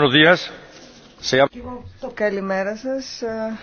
Καλημέρα σας.